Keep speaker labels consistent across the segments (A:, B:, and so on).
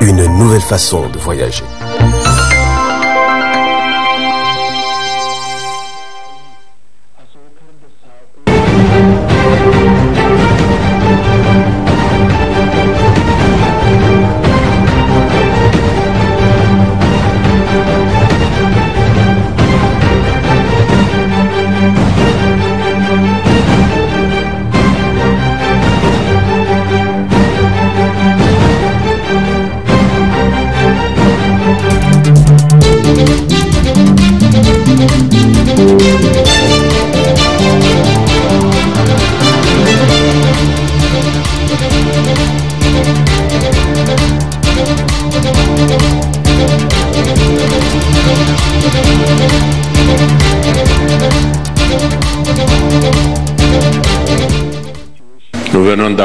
A: Une nouvelle façon de voyager.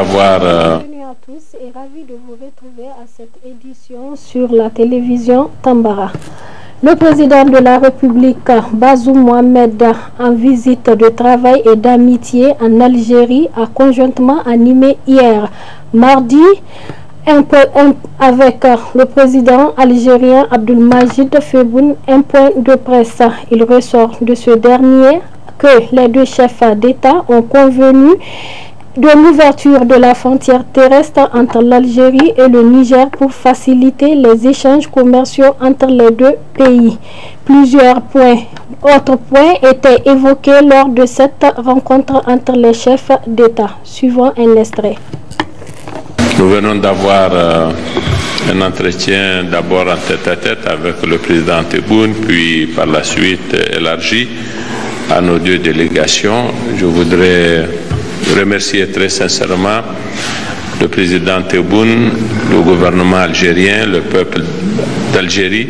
B: bonjour euh, Bienvenue à tous et ravi
C: de vous retrouver à cette édition sur la télévision Tambara. Le président de la République, Bazou Mohamed, en visite de travail et d'amitié en Algérie, a conjointement animé hier, mardi, un point, avec le président algérien Abdelmajid Feboun, un point de presse. Il ressort de ce dernier que les deux chefs d'État ont convenu de l'ouverture de la frontière terrestre entre l'Algérie et le Niger pour faciliter les échanges commerciaux entre les deux pays. Plusieurs points, autres points étaient évoqués lors de cette rencontre entre les chefs d'État. Suivant un extrait.
B: Nous venons d'avoir euh, un entretien d'abord en tête-à-tête avec le président Tebboune, puis par la suite élargi à nos deux délégations. Je voudrais remercier très sincèrement le président Tebboune, le gouvernement algérien, le peuple d'Algérie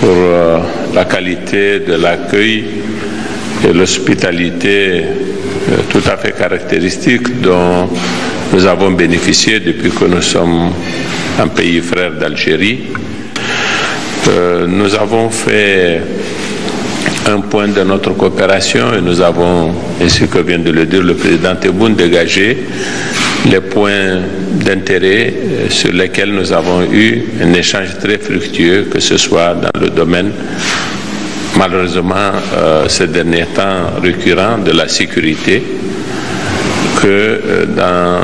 B: pour euh, la qualité de l'accueil et l'hospitalité euh, tout à fait caractéristique dont nous avons bénéficié depuis que nous sommes un pays frère d'Algérie. Euh, nous avons fait un point de notre coopération et nous avons, et ce que vient de le dire le président Tebboune, dégagé les points d'intérêt euh, sur lesquels nous avons eu un échange très fructueux, que ce soit dans le domaine, malheureusement, euh, ces derniers temps récurrent de la sécurité, que euh, dans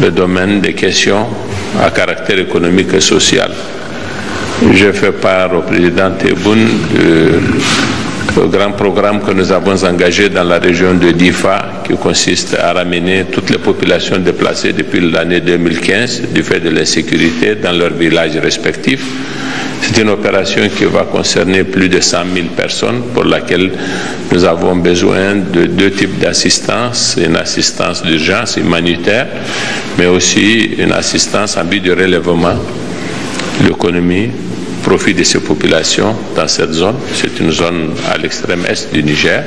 B: le domaine des questions à caractère économique et social. Je fais part au président Tebboune le grand programme que nous avons engagé dans la région de Difa, qui consiste à ramener toutes les populations déplacées depuis l'année 2015 du fait de l'insécurité dans leurs villages respectifs. C'est une opération qui va concerner plus de 100 000 personnes pour laquelle nous avons besoin de deux types d'assistance, une assistance d'urgence humanitaire, mais aussi une assistance en vue du relèvement, l'économie, profit de ces populations dans cette zone. C'est une zone à l'extrême est du Niger.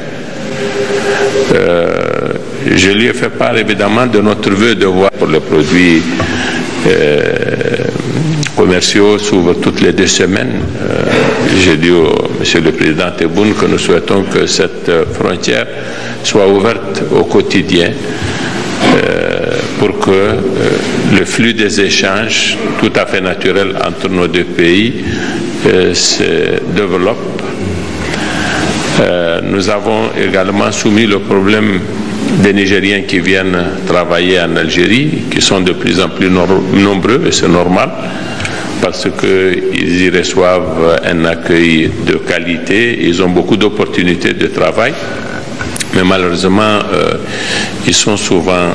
B: Euh, je lui ai fait part évidemment de notre vœu de voir pour les produits euh, commerciaux s'ouvrent toutes les deux semaines. Euh, j'ai dit au Monsieur le Président Tebboune que nous souhaitons que cette frontière soit ouverte au quotidien pour que le flux des échanges tout à fait naturel entre nos deux pays euh, se développe. Euh, nous avons également soumis le problème des Nigériens qui viennent travailler en Algérie, qui sont de plus en plus nombreux, et c'est normal, parce qu'ils y reçoivent un accueil de qualité, ils ont beaucoup d'opportunités de travail, mais malheureusement, euh, ils sont souvent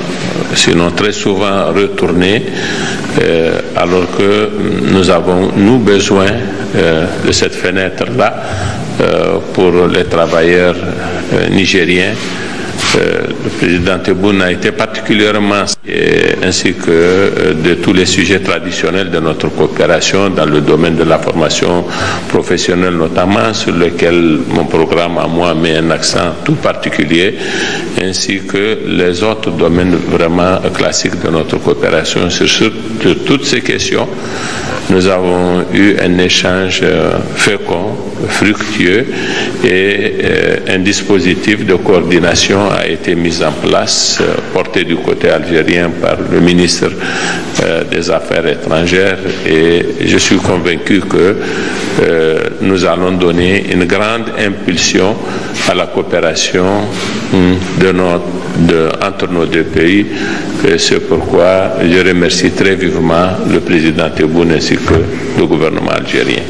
B: sinon très souvent retournés, euh, alors que nous avons, nous, besoin euh, de cette fenêtre-là euh, pour les travailleurs nigériens euh, le président Tebboune a été particulièrement euh, ainsi que euh, de tous les sujets traditionnels de notre coopération dans le domaine de la formation professionnelle notamment, sur lequel mon programme à moi met un accent tout particulier, ainsi que les autres domaines vraiment classiques de notre coopération sur toutes ces questions. Nous avons eu un échange fécond fructueux et euh, un dispositif de coordination a été mis en place, euh, porté du côté algérien par le ministre euh, des Affaires étrangères et je suis convaincu que nous allons donner une grande impulsion à la coopération hum, de notre, entre nos deux pays. C'est pourquoi je remercie très vivement le président Tebboune ainsi que le gouvernement algérien.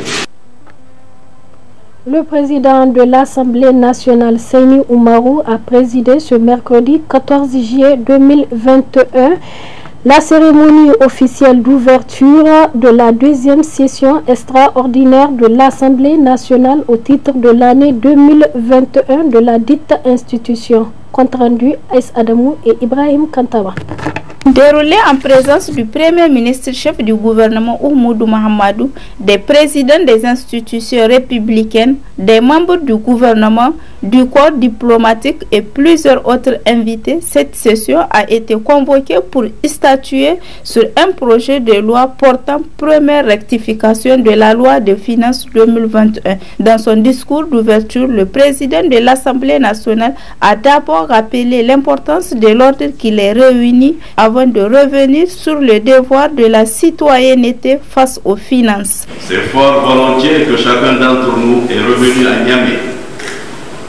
C: Le président de l'Assemblée nationale, Seyni Oumarou, a présidé ce mercredi 14 juillet 2021 la cérémonie officielle d'ouverture de la deuxième session extraordinaire de l'Assemblée nationale au titre de l'année 2021 de la dite institution compte rendu Aïs Adamou et Ibrahim Kantaba.
D: Déroulé en présence du Premier ministre chef du gouvernement Oumoudou Mahamadou, des présidents des institutions républicaines, des membres du gouvernement, du corps diplomatique et plusieurs autres invités, cette session a été convoquée pour statuer sur un projet de loi portant première rectification de la loi de finances 2021. Dans son discours d'ouverture, le président de l'Assemblée nationale a d'abord rappeler l'importance de l'ordre qui les réunit avant de revenir sur le devoir de la citoyenneté face aux finances.
A: C'est fort volontiers que chacun d'entre nous est revenu à Niamey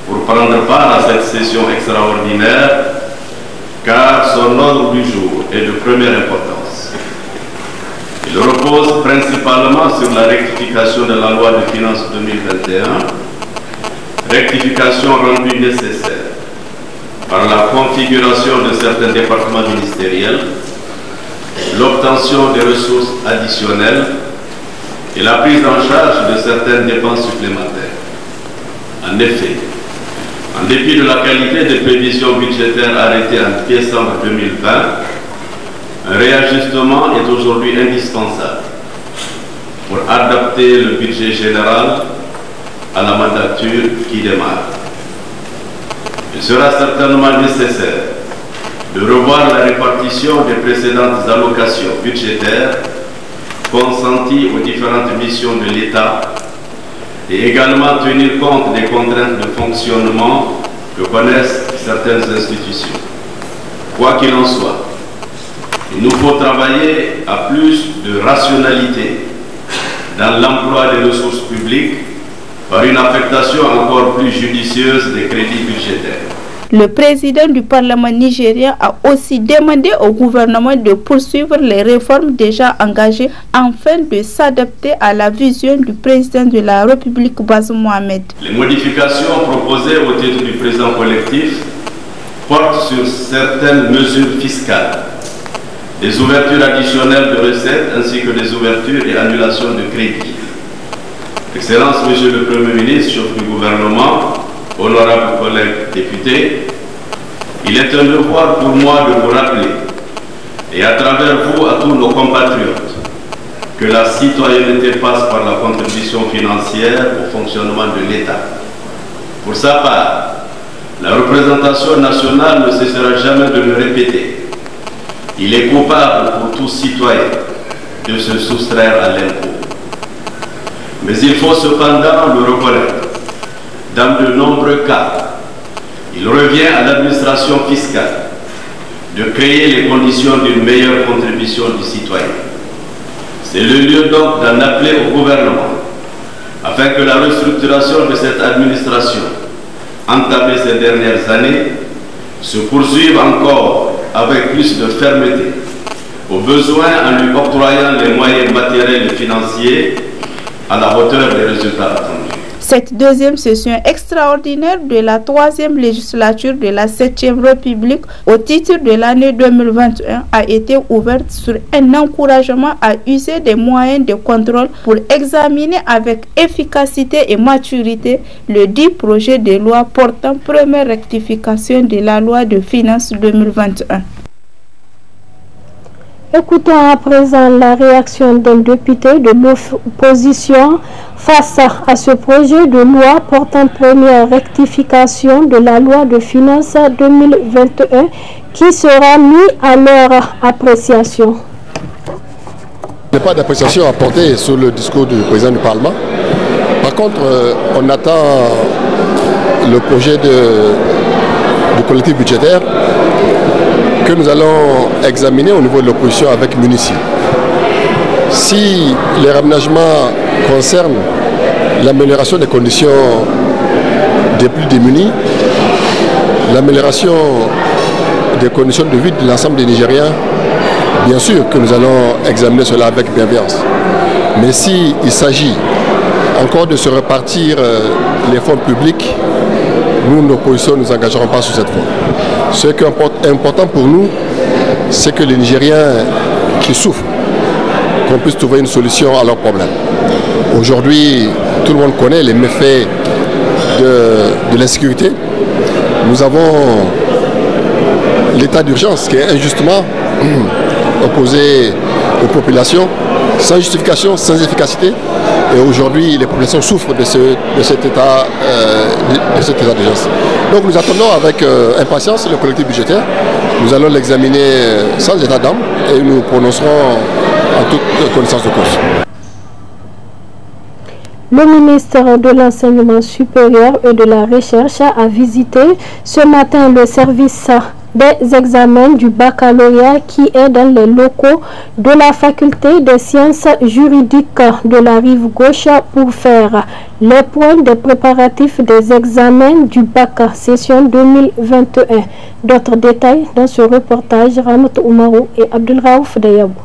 A: pour prendre part à cette session extraordinaire car son ordre du jour est de première importance. Il repose principalement sur la rectification de la loi de finances 2021 rectification rendue nécessaire par la configuration de certains départements ministériels, l'obtention des ressources additionnelles et la prise en charge de certaines dépenses supplémentaires. En effet, en dépit de la qualité des prévisions budgétaires arrêtées en décembre 2020, un réajustement est aujourd'hui indispensable pour adapter le budget général à la mandature qui démarre. Il sera certainement nécessaire de revoir la répartition des précédentes allocations budgétaires consenties aux différentes missions de l'État et également tenir compte des contraintes de fonctionnement que connaissent certaines institutions. Quoi qu'il en soit, il nous faut travailler à plus de rationalité dans l'emploi des ressources publiques par une affectation encore plus judicieuse des crédits budgétaires.
D: Le président du Parlement nigérien a aussi demandé au gouvernement de poursuivre les réformes déjà engagées afin de s'adapter à la vision du président de la République Bazoum Mohamed.
A: Les modifications proposées au titre du présent collectif portent sur certaines mesures fiscales, des ouvertures additionnelles de recettes ainsi que des ouvertures et annulations de crédits. Excellences, Monsieur le Premier ministre, chef du gouvernement, honorables collègues députés, il est un devoir pour moi de vous rappeler, et à travers vous à tous nos compatriotes, que la citoyenneté passe par la contribution financière au fonctionnement de l'État. Pour sa part, la représentation nationale ne cessera jamais de le répéter. Il est coupable pour tout citoyen de se soustraire à l'impôt. Mais il faut cependant le reconnaître. Dans de nombreux cas, il revient à l'administration fiscale de créer les conditions d'une meilleure contribution du citoyen. C'est le lieu donc d'en appeler au gouvernement afin que la restructuration de cette administration, entamée ces dernières années, se poursuive encore avec plus de fermeté, aux besoins en lui octroyant les moyens matériels et financiers la hauteur des résultats
D: Cette deuxième session extraordinaire de la troisième législature de la 7e République au titre de l'année 2021 a été ouverte sur un encouragement à user des moyens de contrôle pour examiner avec efficacité et maturité le dit projet de loi portant première rectification de la loi de finances 2021.
C: Écoutons à présent la réaction d'un député de l'opposition face à ce projet de loi portant première rectification de la loi de finances 2021 qui sera mis à leur appréciation.
E: Il n'y a pas d'appréciation à porter sur le discours du président du Parlement. Par contre, euh, on attend le projet de, politique collectif budgétaire que nous allons examiner au niveau de l'opposition avec Munici. Si les raménagements concernent l'amélioration des conditions des plus démunis, l'amélioration des conditions de vie de l'ensemble des Nigériens, bien sûr que nous allons examiner cela avec bienveillance. Mais s'il s'agit encore de se repartir euh, les fonds publics, nous, nos positions, nous engagerons pas sur cette voie. Ce qui est important pour nous, c'est que les Nigériens qui souffrent, qu'on puisse trouver une solution à leurs problèmes. Aujourd'hui, tout le monde connaît les méfaits de, de l'insécurité. Nous avons l'état d'urgence qui est injustement opposé aux populations, sans justification, sans efficacité. Et aujourd'hui, les populations souffrent de, cet état euh, de d'urgence. Donc nous attendons avec euh, impatience le collectif budgétaire. Nous allons l'examiner euh, sans état d'âme et nous prononcerons en toute connaissance de cause.
C: Le ministre de l'Enseignement supérieur et de la Recherche a visité ce matin le service des examens du baccalauréat qui est dans les locaux de la faculté des sciences juridiques de la rive gauche pour faire les points des préparatifs des examens du bac session 2021. D'autres
F: détails dans ce reportage Ramat Oumarou et Abdelraouf Dayabou.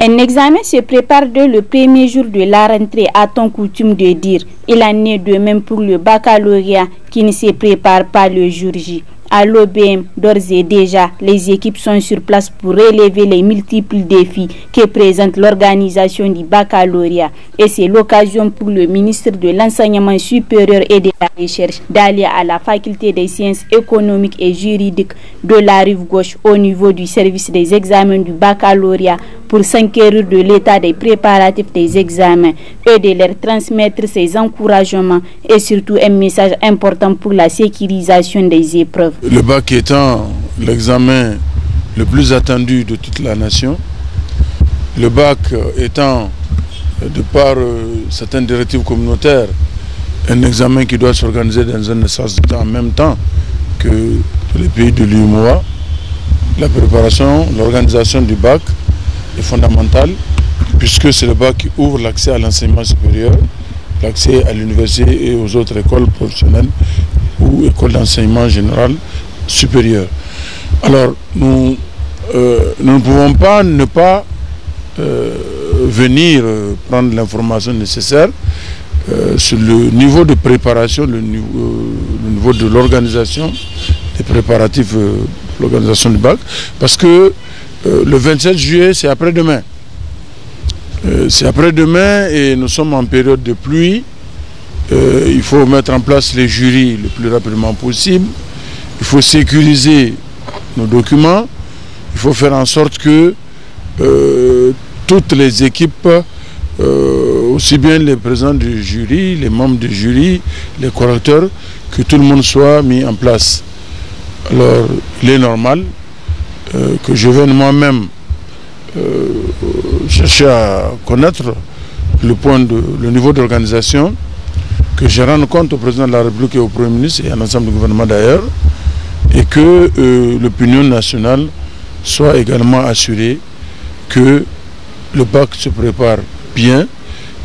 F: Un examen se prépare dès le premier jour de la rentrée, à ton coutume de dire. Il en est de même pour le baccalauréat qui ne se prépare pas le jour J à l'OBM, d'ores et déjà, les équipes sont sur place pour relever les multiples défis que présente l'organisation du baccalauréat. Et c'est l'occasion pour le ministre de l'Enseignement supérieur et de la Recherche d'aller à la faculté des sciences économiques et juridiques de la rive gauche au niveau du service des examens du baccalauréat pour s'inquiéter de l'état des préparatifs des examens et de leur transmettre ses encouragements et surtout un message important pour la sécurisation des épreuves.
G: Le bac étant l'examen le plus attendu de toute la nation, le bac étant, euh, de par euh, certaines directives communautaires, un examen qui doit s'organiser dans un sens de temps en même temps que les pays de l'UMOA, la préparation, l'organisation du bac fondamentale puisque c'est le bac qui ouvre l'accès à l'enseignement supérieur, l'accès à l'université et aux autres écoles professionnelles ou écoles d'enseignement général supérieur. Alors, nous, euh, ne pouvons pas ne pas euh, venir euh, prendre l'information nécessaire sur le niveau de préparation, le niveau, le niveau de l'organisation des préparatifs, l'organisation du bac, parce que euh, le 27 juillet, c'est après-demain. Euh, c'est après-demain et nous sommes en période de pluie. Euh, il faut mettre en place les jurys le plus rapidement possible. Il faut sécuriser nos documents. Il faut faire en sorte que toutes les équipes, aussi bien les présents du jury, les membres du jury, les correcteurs, que tout le monde soit mis en place. Alors, il est normal euh, que je vienne moi-même euh, chercher à connaître le, point de, le niveau d'organisation, que je rende compte au président de la République et au Premier ministre et à l'ensemble du gouvernement d'ailleurs, et que euh, l'opinion nationale soit également assurée que le bac se prépare bien,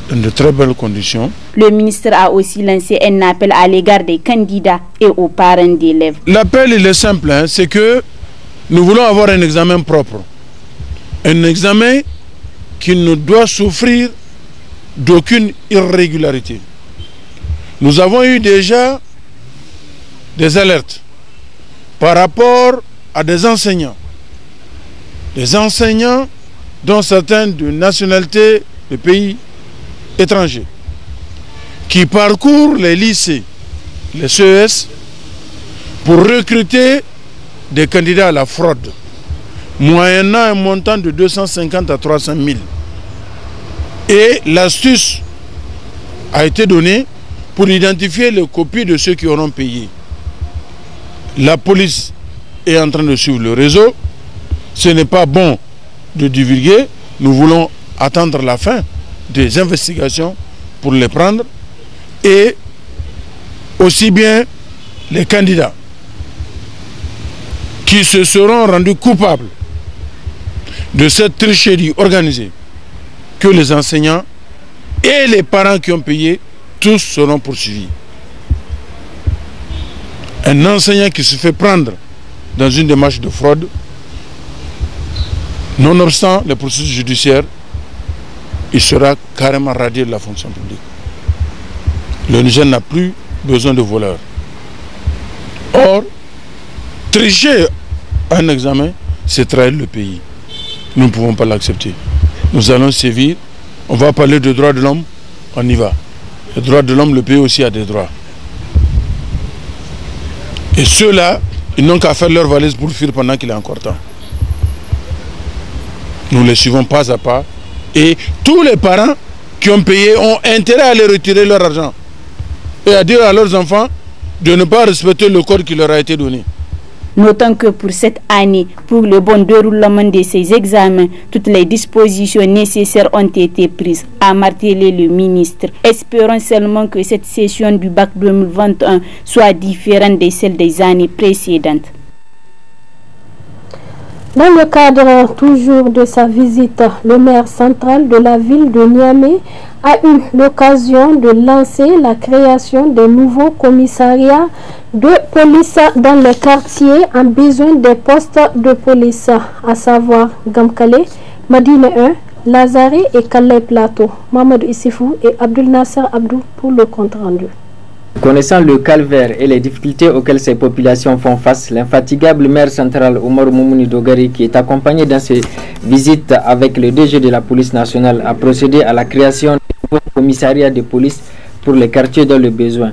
G: dans de très belles conditions.
F: Le ministre a aussi lancé un appel à l'égard des candidats et aux parents d'élèves.
G: L'appel, est simple, hein, c'est que nous voulons avoir un examen propre. Un examen qui ne doit souffrir d'aucune irrégularité. Nous avons eu déjà des alertes par rapport à des enseignants. Des enseignants dont certains de nationalité de pays étrangers qui parcourent les lycées, les CES, pour recruter des candidats à la fraude, moyennant un montant de 250 à 300 000. Et l'astuce a été donnée pour identifier les copies de ceux qui auront payé. La police est en train de suivre le réseau. Ce n'est pas bon de divulguer. Nous voulons attendre la fin des investigations pour les prendre et aussi bien les candidats qui se seront rendus coupables de cette tricherie organisée que les enseignants et les parents qui ont payé, tous seront poursuivis. Un enseignant qui se fait prendre dans une démarche de fraude, nonobstant les processus judiciaires, il sera carrément radié de la fonction publique. Le Niger n'a plus besoin de voleurs. Or, tricher un examen, c'est trahir le pays. Nous ne pouvons pas l'accepter. Nous allons sévir. On va parler de droits de l'homme. On y va. Les droits de l'homme, le pays aussi a des droits. Et ceux-là, ils n'ont qu'à faire leur valise pour fuir pendant qu'il est encore temps. Nous les suivons pas à pas. Et tous les parents qui ont payé ont intérêt à les retirer leur argent. Et à dire à leurs enfants de ne pas respecter le code qui leur a été donné.
F: Notons que pour cette année, pour le bon déroulement de ces examens, toutes les dispositions nécessaires ont été prises, a martelé le ministre. Espérons seulement que cette session du bac 2021 soit différente de celle des années précédentes.
C: Dans le cadre toujours de sa visite, le maire central de la ville de Niamey a eu l'occasion de lancer la création de nouveaux commissariats de police dans les quartiers en besoin des postes de police, à savoir Gamkale, Madine 1, Lazare et Calais Plateau. Mamadou Issifou et Abdul Nasser Abdou pour le compte rendu.
H: Connaissant le calvaire et les difficultés auxquelles ces populations font face, l'infatigable maire central Omar Moumouni Dogari, qui est accompagné dans ses visites avec le DG de la police nationale, a procédé à la création d'un nouveau commissariat de police pour les quartiers dans le besoin.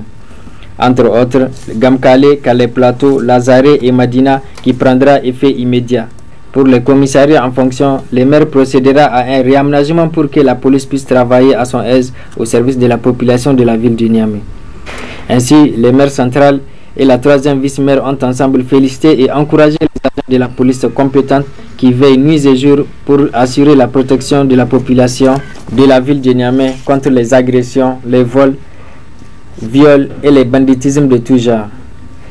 H: Entre autres, Gamkale, Calais Plateau, Lazare et Madina, qui prendra effet immédiat. Pour les commissariats en fonction, le maire procédera à un réaménagement pour que la police puisse travailler à son aise au service de la population de la ville du Niamey. Ainsi, les maires centrales et la troisième vice-maire ont ensemble félicité et encouragé les agents de la police compétente qui veillent nuit et jour pour assurer la protection de la population de la ville de Niamey contre les agressions, les vols, viols et les banditismes de tous genres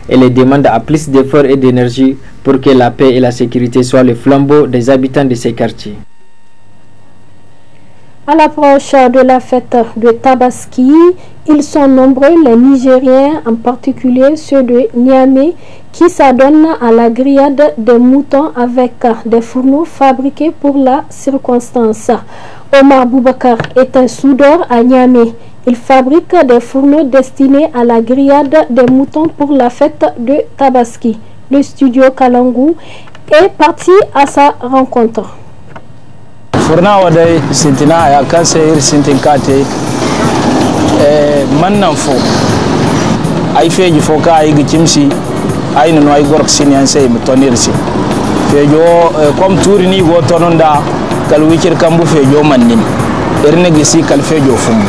H: Et les demande à plus d'efforts et d'énergie pour que la paix et la sécurité soient le flambeau des habitants de ces quartiers.
C: À l'approche de la fête de Tabaski, ils sont nombreux les Nigériens, en particulier ceux de Niamey, qui s'adonnent à la grillade des moutons avec des fourneaux fabriqués pour la circonstance. Omar Boubakar est un soudeur à Niamey. Il fabrique des fourneaux destinés à la grillade des moutons pour la fête de Tabaski. Le studio Kalangu est parti à sa rencontre.
I: wa dai sintina ya kansa iri sintin kate eh, man nan fo ai feji fo ka ai gicimsi ai no ai gork sin yan sai feji o eh, kom turi ni go da kal wikir kambu fejo mannin irne gisi kal fejo fumu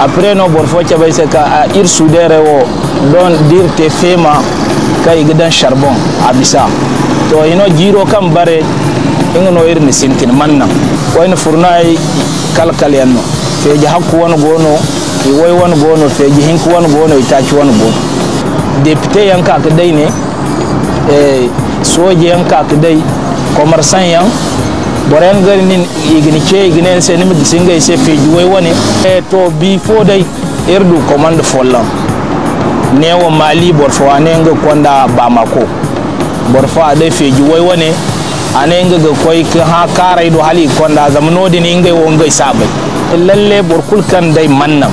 I: après no bor fo cebe se ka a ir sudere wo don dir te fema kai gidan charbon abisa to ino jiro kan bare inga no irin sintin manna wayna furnai kalkal yanno feji hakku wani gono ki wai wani gono feji hinku wani gono itaci wani gono depute yanka ka dai ne eh soje yanka ka dai commerçant yan boren gari nin igini ce igini se nimi disinga ise feji way wane eh to bi fo dai irdu commande follam ne wa mali borfa ne nga konda bamako borfa dai feji wai wane anenga ga koy ka ha kara do hali konda zam nodin ingai wongai sabai lalle burkul kan dai mannam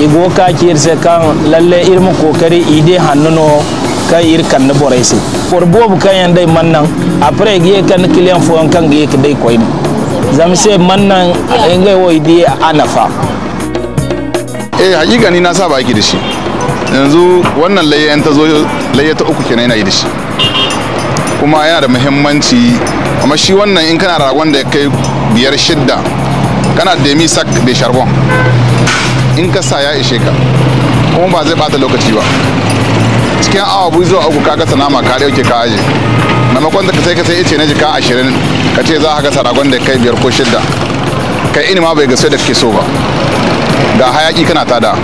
I: igo ka kirse kan lalle irmu kokari ide hannuno ka ir kan na borai sai for bobu kan yan dai mannan apre ge kan kiliyan fo kan ka dai koy zam sai mannan ingai wo ide anafa
J: eh hakika ni na saba yake da shi yanzu wannan layya ta zo layya ta uku kenan yana yi da shi kuma yana da muhimmanci amma shi wannan in kana ragon da ya kai biyar shidda kana demi sak da sharbon in ka sa ya ishe ka kuma ba zai bata lokaci ba cikin awa biyu zuwa uku ka gasa nama ka dauke ka aje maimakon da ka sai ka sai ice na jika ashirin ka ce za ka gasa ragon da kai biyar ko shidda kai ini ma bai gasu da kake so ba ga hayaki kana tada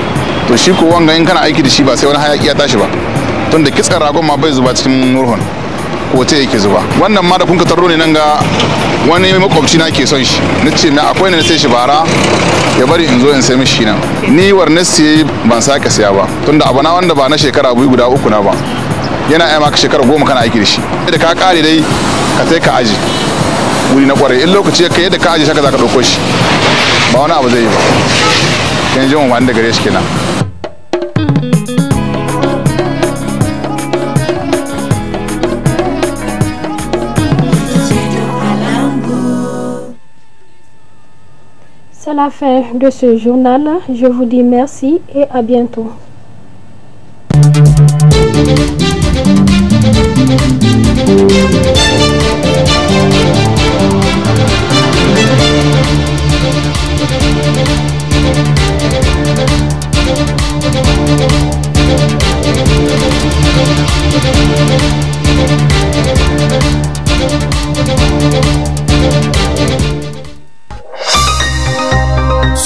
J: to shi ko wanga in kana aiki da shi ba sai wani hayaki ya tashi ba tun da kitsan ragon ma bai zuba cikin murhun kote yake zuba wannan ma da kun ka taro ne nan ga wani makwabci na ke son shi na ce na akwai na sai shi bara ya bari in zo in sai mishi nan ni warne siye ban sake siya ba tunda abu na wanda ba na shekara biyu guda uku na ba yana aya maka shekara goma kana aiki da shi da ka kare dai ka sai ka aji wuri na kwarai in lokaci ya yadda ka aji shaka za ka ɗauko shi ba wani abu zai yi ba yanzu wanda gare shi kenan
C: la fin de ce journal. Je vous dis merci et à bientôt.